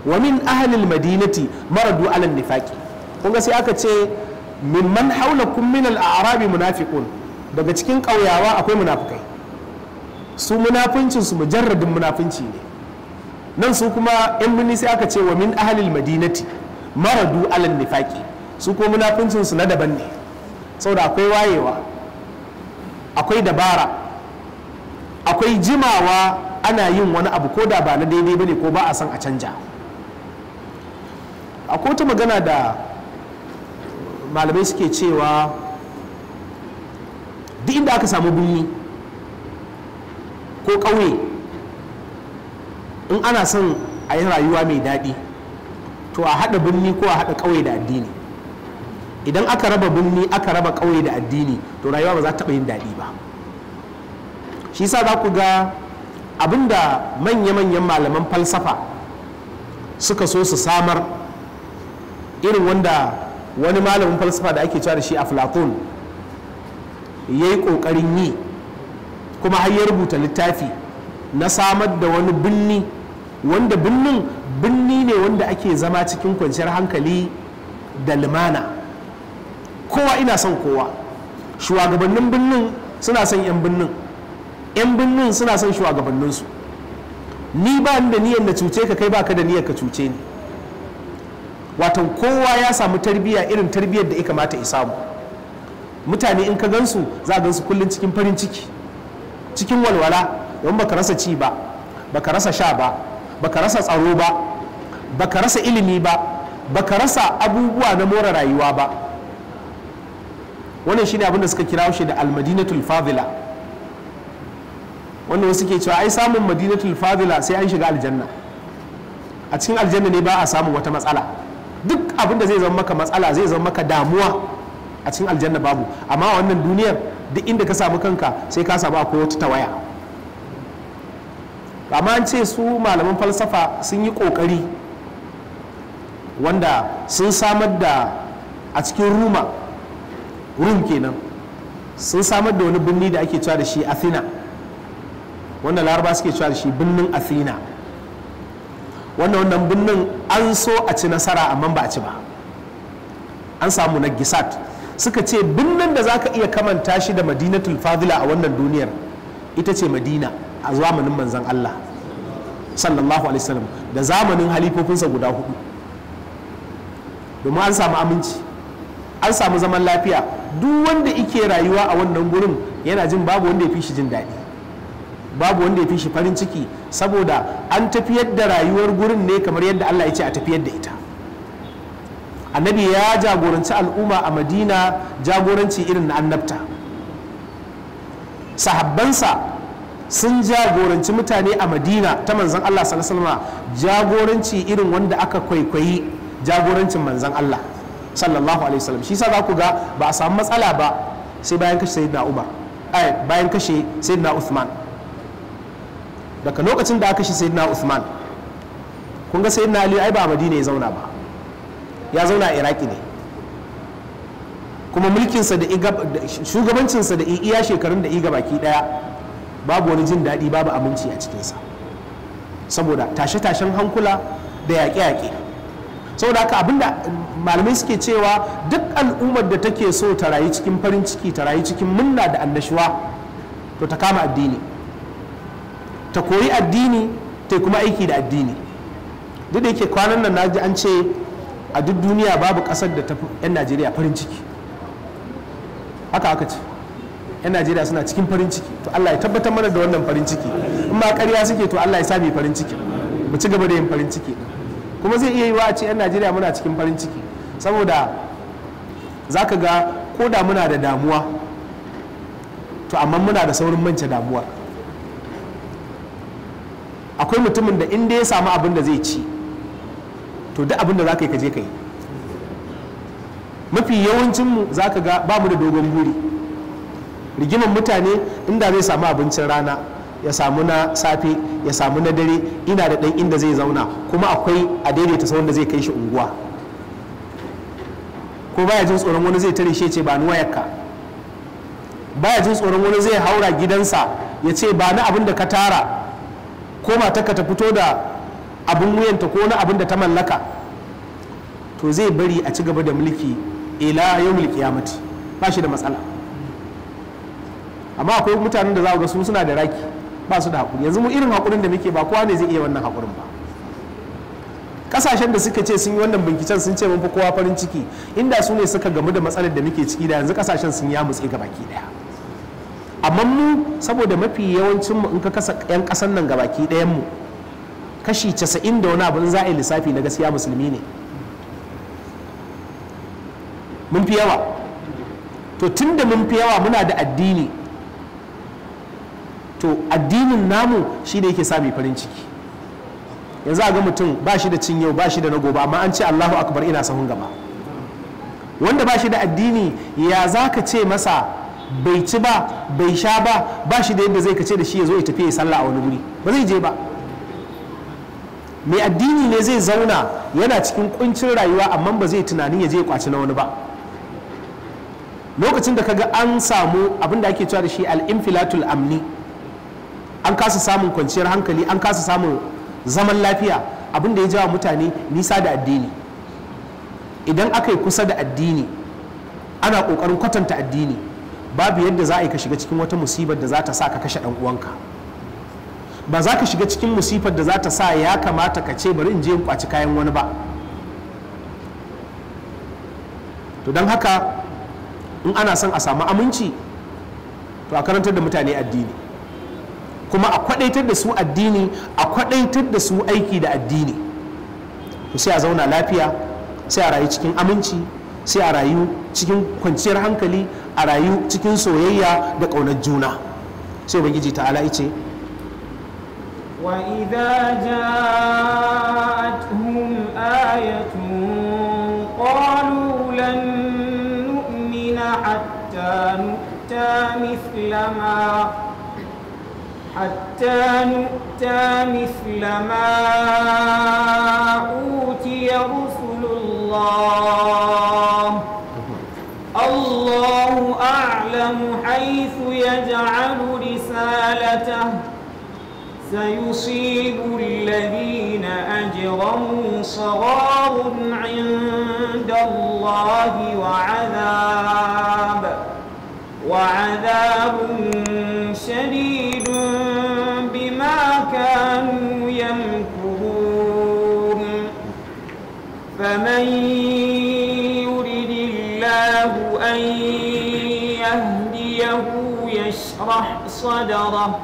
wa min ahli al-madinati maradu ala nifaqi kun ga sai aka ce min man hawlakum min al-a'rabi munafiqun daga cikin ƙauyawa akwai munafukai su munafincin su mujarradin munafinci ne nan su kuma in muni sai aka ce wa min ahli al-madinati maradu ala nifaqi su ko munafincin su na daban ne saboda akwai wayewa akwai dabara akwai jimawa ana yin wani abu ko da ba na daidai bane ko ba a san a canja a kotu magana da malamai suke cewa duk inda aka samu birni ko ƙauye in ana son a yi rayuwa mai daɗi to a haɗa birni ko a haɗa ƙauye da addini idan aka raba birni aka raba ƙauye da addini to rayuwa ba za ta yin daɗi ba shi sa za ku ga abinda manya-manyan malaman falsafa suka so su samar irin wanda wani malamin falsafa da ake cewa da shi a platon ya yi ƙoƙarin yi kuma har ya rubuta littafi na samar da wani binni wanda binnin binni ne wanda ake zama cikin kwanciyar hankali da limana kowa ina son kowa shugabannin birnin suna son 'yan birnin 'yan birnin suna son shugabanninsu ni ba da niyan da cuce ka kai baka da niyan ka cuce ni watan kowa ya samu tarbiyya irin tarbiyyar da ya kamata ya samu mutane in ka gansu za a gansu kullum cikin farin ciki cikin walwala don baka rasa ci ba baka rasa sha ba baka rasa tsaro ba baka rasa ilimi ba baka rasa abubuwa na more rayuwa ba wannan shine abin da suka kira shi da almadinatul fadila wannan wasu ke cewa ai samun madinatul fadila sai an shiga aljanna a cikin aljanna ne ba a samun wata matsala duk abin da zai zama maka matsala zai zama maka damuwa a cikin aljanna babu amma wannan duniyar duk inda ka samu kanka sai ka samu akwai wata tawaya amma an ce su malaman falsafa sun yi kokari wanda sun samar da a cikin ruma rum kenan sun samar da wani birni da ake cewa da shi athena wanda laraba suke cewa da shi birnin athena wanda wannan birnin an so a ci nasara amma ba a ci ba an samu na gisat suka ce birnin da za ka iya kamanta shi da madinatul fadila a wannan duniyar ita ce madina a zamanin manzan allah sallallahu alaihi wasallam da zamanin halifofinsa guda hudu domin an samu aminci an samu zaman lafiya duk wanda ike rayuwa a wannan gurin yana jin babu wanda ya fi shi jin daɗi babu wanda ya fi shi farin ciki saboda an tafiyar da rayuwar gurin ne kamar yadda Allah ya ce a tafiyar da ita annabi ya jagoranci al'umma a madina jagoranci irin na annabta sahabbansa sun jagoranci mutane a madina ta manzan Allah sallallahu alaihi jagoranci irin wanda aka kwaikwayi jagorancin manzan Allah sallallahu alaihi wasallam shi sa za ku ga ba a samu matsala ba sai bayan kashe sayyidina Umar ay bayan kashe sayyidina Uthman daga lokacin da aka kashe sayyidina Uthman kun ga sayyidina Ali ai ba Madina ya zauna ba ya zauna a Iraki ne kuma mulkin sa da sa da iya shekarun da iga baki daya babu wani jin daɗi babu aminci a cikin sa saboda tashe-tashen hankula da yaƙe-yaƙe saboda haka abinda malamai suke cewa duk al'ummar da take so ta rayu cikin farin ciki ta rayu cikin munna da annashuwa to ta kama addini ta koyi addini ta kuma aiki da addini duk da yake kwanan nan naji an ce a duk duniya babu ƙasar da ta 'yan najeriya farin ciki haka aka ce 'yan najeriya suna cikin farin ciki to allah ya tabbatar mana da wannan farin ciki in ma karya suke to allah ya sami farin ciki mu ci gaba da yin farin ciki kuma zai iya yi wa a ce 'yan najeriya muna cikin farin ciki saboda za ka ga ko da muna da damuwa to amma muna da saurin mance damuwar akwai mutumin da inda ya samu abin da zai ci to duk abin da za ka yi ka je ka yi mafi yawancinmu za ka ga babu da dogon buri riginan mutane inda zai samu abincin rana ya samu na safe ya samu na dare ina da ɗan inda zai zauna kuma akwai a daidaita sauran da zai kai shi unguwa ko baya jin tsoron wani zai tare shi ce ba ni wayarka baya jin tsoron wani zai haura gidansa ya ce ba ni abin da ka tara ko matarka ta fito da abin wuyanta ko wani abin da ta mallaka to zai bari a ci gaba da mulki ila ya mati ba shi da matsala amma akwai mutanen da za ga su suna da raki ba su da haƙuri yanzu mu irin haƙurin da muke ba kowa ne zai iya wannan haƙurin ba kasashen da suka ce sun yi wannan binciken sun ce mun fi kowa farin ciki inda su ne suka gamu da matsalar da muke ciki da yanzu kasashen sun ya mutse gabaki daya amma mu saboda mafi yawancin mu in ka kasa yan kasan nan gabaki dayan mu kashi 90 da wani abu za a lissafi na gaskiya musulmi ne mun fi yawa to tun da mun fi yawa muna da addini to addinin namu shi ne yake sami farin ciki yanzu a ga mutum ba shi da cin yau ba shi da na gobe amma an ce Allahu akbar ina sahun gaba wanda ba shi da addini ya za ka ce masa bai ci ba bai sha ba ba shi da yadda zai kace da shi ya zo ya tafi ya sallah a wani wuri ba zai je ba mai addini ne zai zauna yana cikin kuncin rayuwa amma ba zai tunanin ya je ya kwaci na wani ba lokacin da kaga an samu abin da ake cewa da shi al-infilatul amni an kasa samun kwanciyar hankali an kasa samun zaman lafiya abin da ya jawa mutane nisa da addini idan aka yi kusa da addini ana ƙoƙarin kwatanta addini babu yadda za a yi ka shiga cikin wata musibar da za ta sa ka kashe ɗan uwanka ba za ka shiga cikin musibar da za ta sa ya kamata ka ce bari in je in kwaci kayan wani ba to don haka in ana son a samu aminci to a karantar da mutane addini kuma a kwadaitar da su addini a kwadaitar da su aiki da addini to sai a zauna lafiya sai a rayu cikin aminci sai a rayu cikin kwanciyar hankali a rayu cikin soyayya da ƙaunar juna sai ubangiji ta'ala ce وإذا جاءتهم آية قالوا لن حتى نؤتى مثل ما أوتي رسل الله الله أعلم حيث يجعل رسالته سيصيب الذين أجرموا صغار عند الله وعذاب وعذاب شديد فمن يرد الله أن يهديه يشرح صدره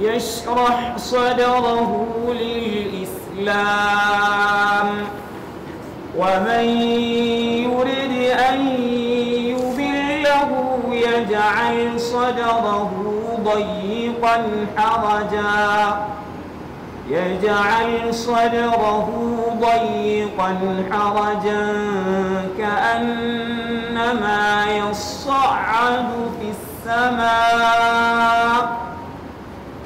يشرح صدره للإسلام ومن يرد أن يضله يجعل صدره ضيقا حرجا يجعل صدره ضيقا حرجا كأنما يصعد في السماء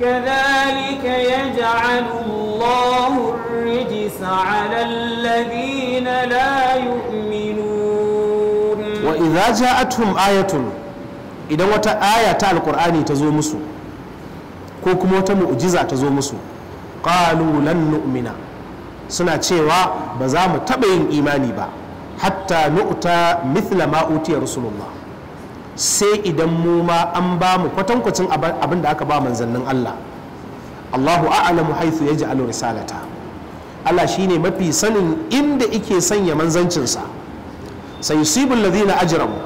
كذلك يجعل الله الرجس على الذين لا يؤمنون وإذا جاءتهم آية إذا وتا آية القرآن تزومسو ko kuma wata mu'jiza ta zo musu qalu lan nu'mina suna cewa ba za mu taɓa yin imani ba hatta nu'ta mithla ma utiya rasulullah sai idan mu ma an ba mu kwatankwacin abin da aka ba manzannin Allah Allahu a'lamu haythu yaj'alu risalata Allah shine mafi sanin inda ike sanya manzancinsa sai yusibul ladina ajramu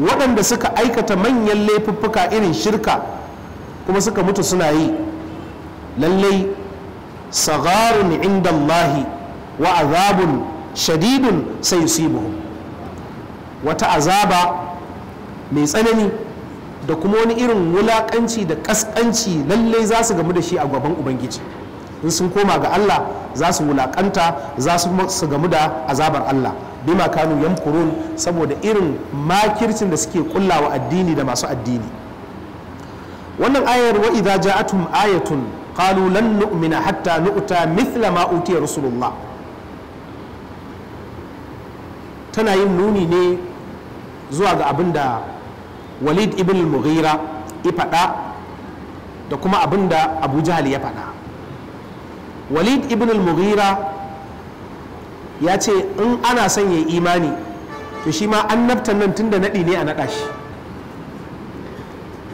waɗanda suka aikata manyan laifuffuka irin shirka kuma suka mutu suna yi lallai sagarun inda Allahi wa azabun shadidun sai yusibuhum wata azaba mai tsanani da kuma wani irin wulaƙanci da ƙasƙanci lallai za su gamu da shi a gaban ubangiji in sun koma ga Allah za su wulaƙanta za su gamu da azabar Allah bima kanu yamkurun saboda irin makircin da suke kullawa addini da masu addini wannan ayar wa idza ja'atum ayatun qalu lan nu'mina hatta nu'ta mithla ma utiya rasulullah tana yin nuni ne zuwa ga abin da walid ibn mughira ya fada da kuma abin da abu ya faɗa walid ibn mughira ya ce in ana son ya imani to shi ma annabtan nan tun da naɗi ne a naɗa shi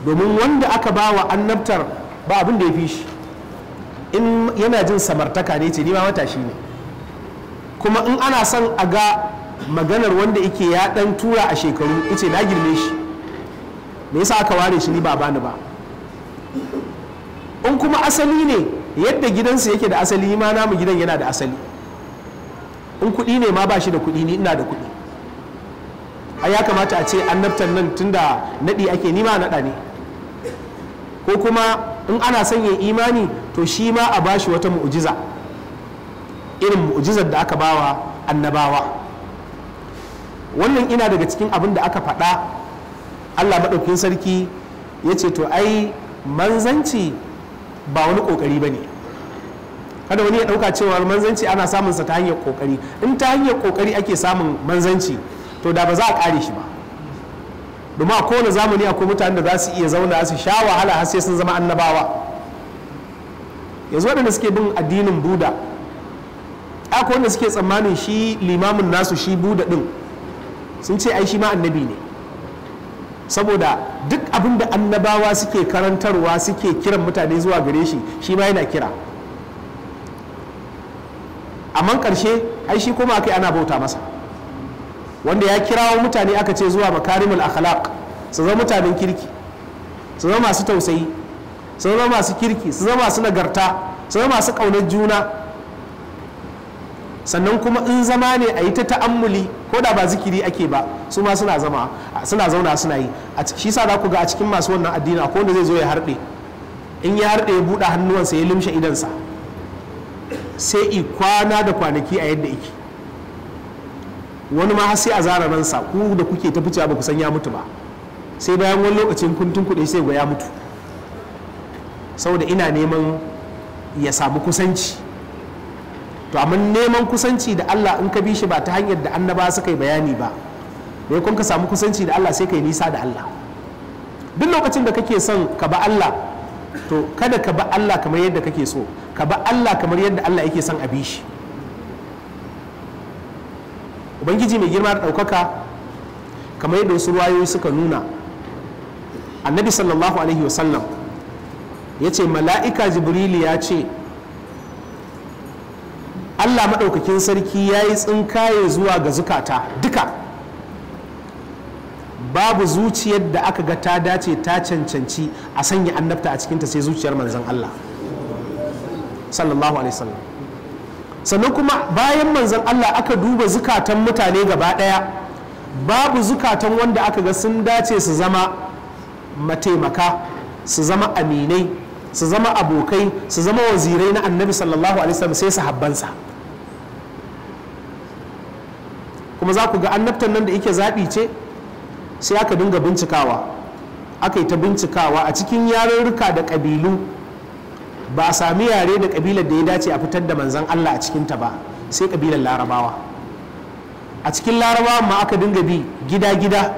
domin wanda aka ba wa annabtar ba abin da ya fi shi in yana jin samartaka ne ce nima matashi ne kuma in ana son a ga maganar wanda yake ya dan tura a shekaru ice na girme shi me yasa aka ware shi ni ba bani ba in kuma asali ne yadda gidansu yake da asali ma namu gidan yana da asali in kuɗi ne ma ba shi da kuɗi ni ina da kuɗi a ya kamata a ce annabtan nan tunda naɗi ake nima naɗa ne ko kuma in ana sanya yin imani to shi ma a bashi wata mu'ujiza irin mu'jizar da aka bawa annabawa wannan ina daga cikin abin da aka faɗa allah maɗaukin sarki ya ce to ai manzanci ba wani ƙoƙari ba ne kada wani ya ɗauka cewa manzanci ana samunsa ta hanyar ƙoƙari in ta hanyar ƙoƙari ake samun manzanci to da ba za a ƙare shi ba domin a kowane zamani akwai mutanen da za su iya zauna su sha wahala har sai sun zama annabawa yanzu waɗanda suke bin addinin buda akwai wanda suke tsammanin shi limamin nasu shi buda ɗin sun ce ai shi ma annabi ne saboda duk abin da annabawa suke karantarwa suke kiran mutane zuwa gare shi shi ma yana kira amma ƙarshe ai shi kuma kai ana bauta masa wanda ya kirawo mutane aka ce zuwa makarimul akhlaq su zama mutanen kirki su zama masu tausayi su zama masu kirki su zama masu nagarta su zama masu ƙaunar juna sannan kuma in zama ne a yi ta ta'ammuli ko da ba zikiri ake ba su ma suna zama suna zauna suna yi a shi sa za ku ga a cikin masu wannan addini akwai wanda zai zo ya harɗe in ya harɗe ya buɗe hannuwansa ya limshe idansa sai i kwana da kwanaki a yadda yake wani ma sai a zara ransa ku da kuke ta fice ba ku san ya mutu ba sai bayan wani lokacin kuntun kuɗi sai ga ya mutu saboda ina neman ya samu kusanci to amma neman kusanci da Allah in ka bi shi ba ta hanyar da annaba suka yi bayani ba me kun ka samu kusanci da Allah sai ka nisa da Allah duk lokacin da kake son ka ba Allah to kada ka ba Allah kamar yadda kake so ka ba Allah kamar yadda Allah yake son a bi shi ubangiji mai girma da ɗaukaka kamar yadda wasu ruwayoyi suka nuna annabi sallallahu alaihi wasallam ya ce mala'ika jibrili ya ce allah maɗaukakin sarki ya yi tsinkaye zuwa ga zukata duka babu zuciyar da aka ga ta dace ta cancanci a sanya annabta a cikinta sai zuciyar manzon allah sallallahu alaihi wasallam sannan kuma bayan manzon Allah aka duba zukatan mutane gaba ɗaya babu zukatan wanda aka ga sun dace su zama mataimaka su zama aminai su zama abokai su zama wazirai na annabi sallallahu alaihi wasallam sai su sahabbansa kuma za ku ga annabtan nan da yake zaɓi ce sai aka dinga bincikawa aka yi ta bincikawa a cikin yarurruka da ƙabilu ba a sami yare da kabilar da ya dace a fitar da manzan Allah a cikinta ba sai kabilar larabawa a cikin larabawa ma aka dinga bi gida-gida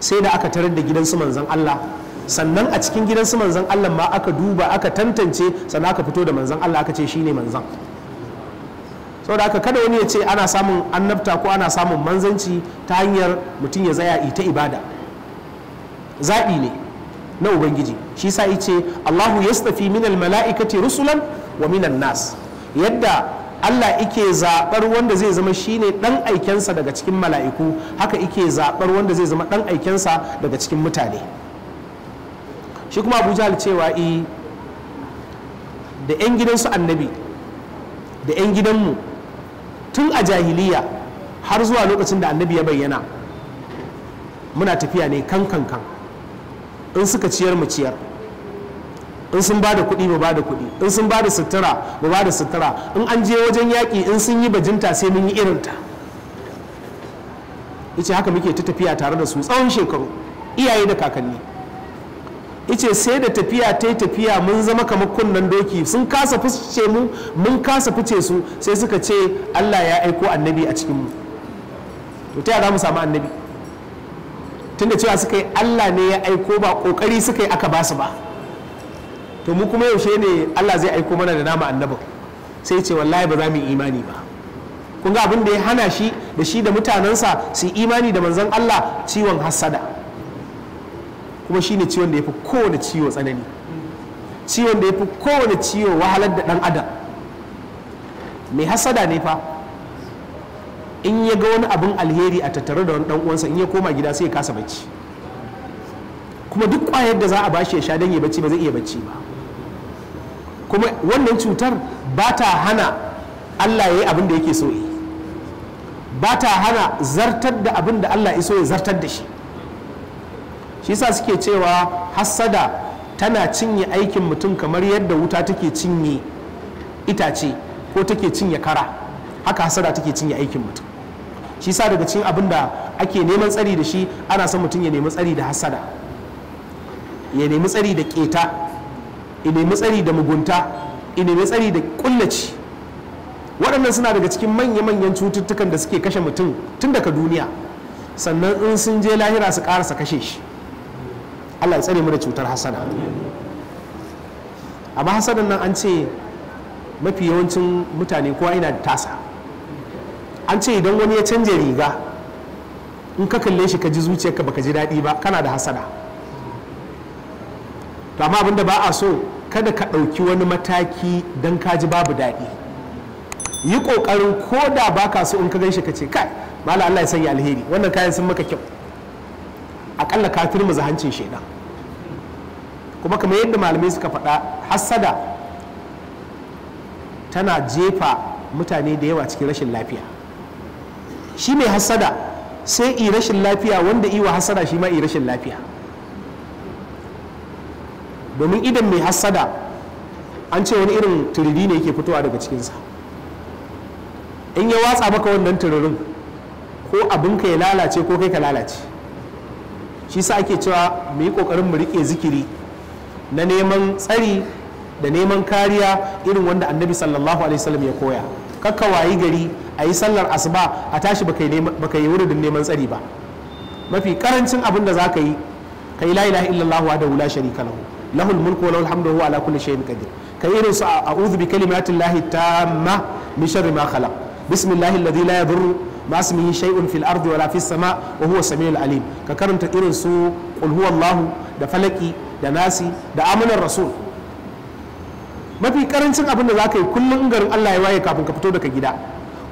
sai da aka tarar da gidansu manzan Allah sannan a cikin gidansu manzan Allah ma aka duba aka tantance sannan aka fito da manzan Allah aka ce shi ne manzan saboda haka kada wani ya ce ana samun annabta ko ana samun manzanci ta hanyar mutum ya zaya ita ibada zaɓi ne na ubangiji shi sa ce Allahu ya yastafi minal mala'ikati rusulan wa minan nas yadda Allah ike zaɓar wanda zai zama shine ɗan aikensa daga cikin mala'iku haka ike zaɓar wanda zai zama ɗan aikensa daga cikin mutane shi kuma abu jahal cewa i da 'yan gidansu annabi da 'yan gidanmu tun a jahiliya har zuwa lokacin da annabi ya bayyana muna tafiya ne kan kan kan in suka ciyar mu ciyar in sun ba da kuɗi mu ba da kuɗi in sun ba da sutura mu ba da sutura in an je wajen yaƙi in sun yi bajinta sai mun yi irinta ice haka muke ta tafiya tare da su tsawon shekaru iyaye da kakanni ice sai da tafiya ta yi tafiya mun zama kamar kunnen doki sun kasa fice mu mun kasa fice su sai suka ce allah ya aiko annabi a cikin mu. to ta za mu samu annabi tunda cewa suka yi Allah ne ya aiko ba kokari suka yi aka ba su ba to mu kuma yaushe ne Allah zai aiko mana da nama annabin sai ce wallahi ba za mu yi imani ba kun ga abin da ya hana shi da shi da mutanensa su yi imani da manzon Allah ciwon hassada kuma shine ciwon da ya fi kowane ciwo tsanani ciwon da ya fi kowane ciwo wahalar da ɗan adam mai hassada ne fa in ya ga wani abin alheri a tattare da wani dan uwansa in ya koma gida sai ya kasa bacci kuma duk kwayar da za a bashi ya sha don ya bacci ba zai iya bacci ba kuma wannan cutar ba ta hana Allah ya yi abin da yake so yi ba ta hana zartar da abin da Allah iso ya zartar da shi shi sa suke cewa hassada tana cinye aikin mutum kamar yadda wuta take cinye itace ko take cinye kara haka hasada take cinye aikin mutum shi sa daga cikin abin da ake neman tsari da shi ana son mutum ya nemi tsari da hasada ya nemi tsari da keta ya nemi tsari da mugunta ya nemi tsari da kullaci waɗannan suna daga cikin manya-manyan cututtukan da suke kashe mutum tun daga duniya sannan in sun je lahira su ƙarasa kashe shi allah ya tsare mu da cutar hasada amma hasadan nan an ce mafi yawancin mutane kowa ina da tasa an ce idan wani ya canja riga in ka kalle shi ka ji zuciyarka baka ji daɗi ba kana da hasada to amma abinda ba a so kada ka ɗauki wani mataki don ka ji babu daɗi yi ƙoƙarin ko da ba ka so in ka gan shi ka ce kai mala Allah ya sanya alheri wannan kayan sun maka kyau aƙalla ka turma zahancin shaidan kuma kamar yadda malamai suka faɗa hassada tana jefa mutane da yawa cikin rashin lafiya shi mai hasada sai i rashin lafiya wanda i wa hasada shi ma i rashin lafiya domin idan mai hasada an ce wani irin turiri ne yake fitowa daga cikinsa in ya watsa maka wannan tururin ko abinka ya lalace ko kai ka lalace shi sa ake cewa mu yi kokarin mu rike zikiri na neman tsari da neman kariya irin wanda annabi sallallahu alaihi wasallam ya koya kakka wayi gari a yi sallar asuba a tashi baka yi wuridin neman tsari ba mafi karancin abin da za ka yi ka yi la illallah wa da wula ka lahu lahul mulku wa lahul hamdu wa ala kulli shay'in qadir ka yi irin su a'udhu bi kalimatillahi tamma min sharri ma khalaq bismillahi alladhi la yadurru ma ismihi shay'un fil ardi wala fis sama wa huwa samiul alim ka karanta irin su qul huwallahu da falaki da nasi da amanar rasul mafi karancin abin da za ka yi kullum garin Allah ya waye kafin ka fito daga gida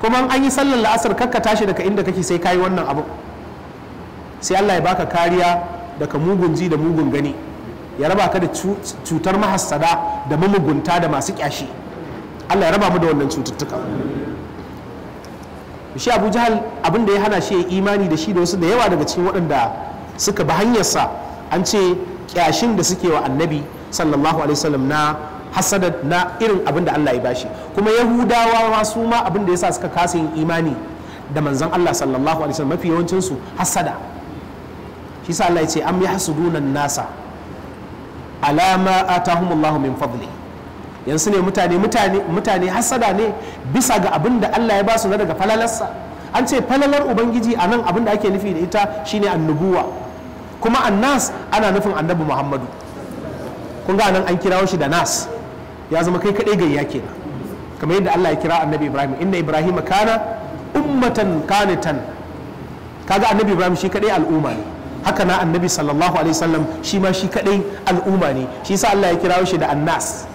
kuma an yi sallar la'asar kakka tashi daga inda kake sai kayi wannan abu sai Allah ya baka kariya daga mugun ji da mugun gani ya raba ka da cutar mahassada da mamugunta da masu kyashi Allah ya raba mu da wannan cututtuka shi Abu Jahal abin da ya hana shi ya imani da shi da wasu da yawa daga cikin waɗanda suka bi hanyarsa an ce kyashin da suke wa annabi sallallahu alaihi wasallam na Hassada na irin abin da Allah ya bashi kuma yahudawa ma su ma abin da yasa suka kasa yin imani da manzon Allah sallallahu alaihi wasallam mafi yawancin su hasada shi sa Allah ya ce am yahsuduna nasa ala ma atahumullahu min fadli yanzu ne mutane mutane mutane hasada ne bisa ga abin da Allah ya basu na daga falalarsa an ce falalar ubangiji a nan abin da ake nufi da ita shine annubuwa kuma annas ana nufin annabi muhammadu kun ga nan an kirawo shi da nas ya zama kai kadai gayya kenan kamar yadda Allah ya kira annabi Ibrahim inna Ibrahim kana ummatan qanitan kaga annabi Ibrahim shi kaɗai al'umma ne haka na annabi sallallahu alaihi wasallam shi ma shi kaɗai al'umma ne shi yasa Allah ya kira shi da annas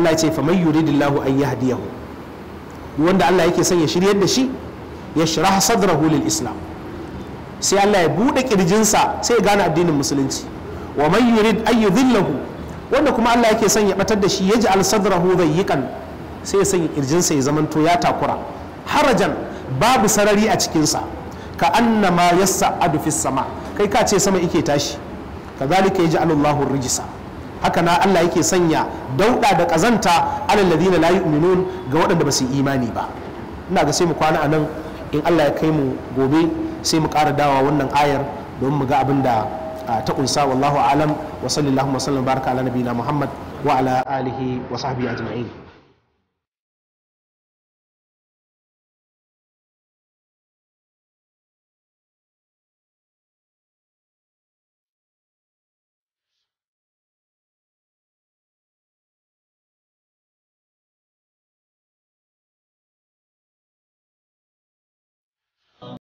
Allah ya ce fa faman yuridillahu an yahdiyahu wanda Allah yake son ya shiryar da shi ya shirah sadrahu lil islam sai Allah ya bude kirjinsa sai ya gane addinin musulunci wa man yurid an yudhillahu wanda kuma Allah yake son ya batar da shi yaji al sadrahu dayyikan sai ya sanya kirjinsa ya zamanto ya takura harajan babu sarari a cikin sa ka annama yassa'adu fis sama kai ka ce sama yake tashi kazalika yaj'alu Allahu rijsa haka na Allah yake sanya dauda da kazanta alal ladina la yu'minun ga waɗanda ba su imani ba ina ga sai mu kwana anan in Allah ya kai mu gobe sai mu ƙara dawa wannan ayar don mu ga abin da ta kunsa wallahu alam wa sallallahu wa sallam baraka ala nabiyina muhammad wa ala alihi wa sahbihi ajma'in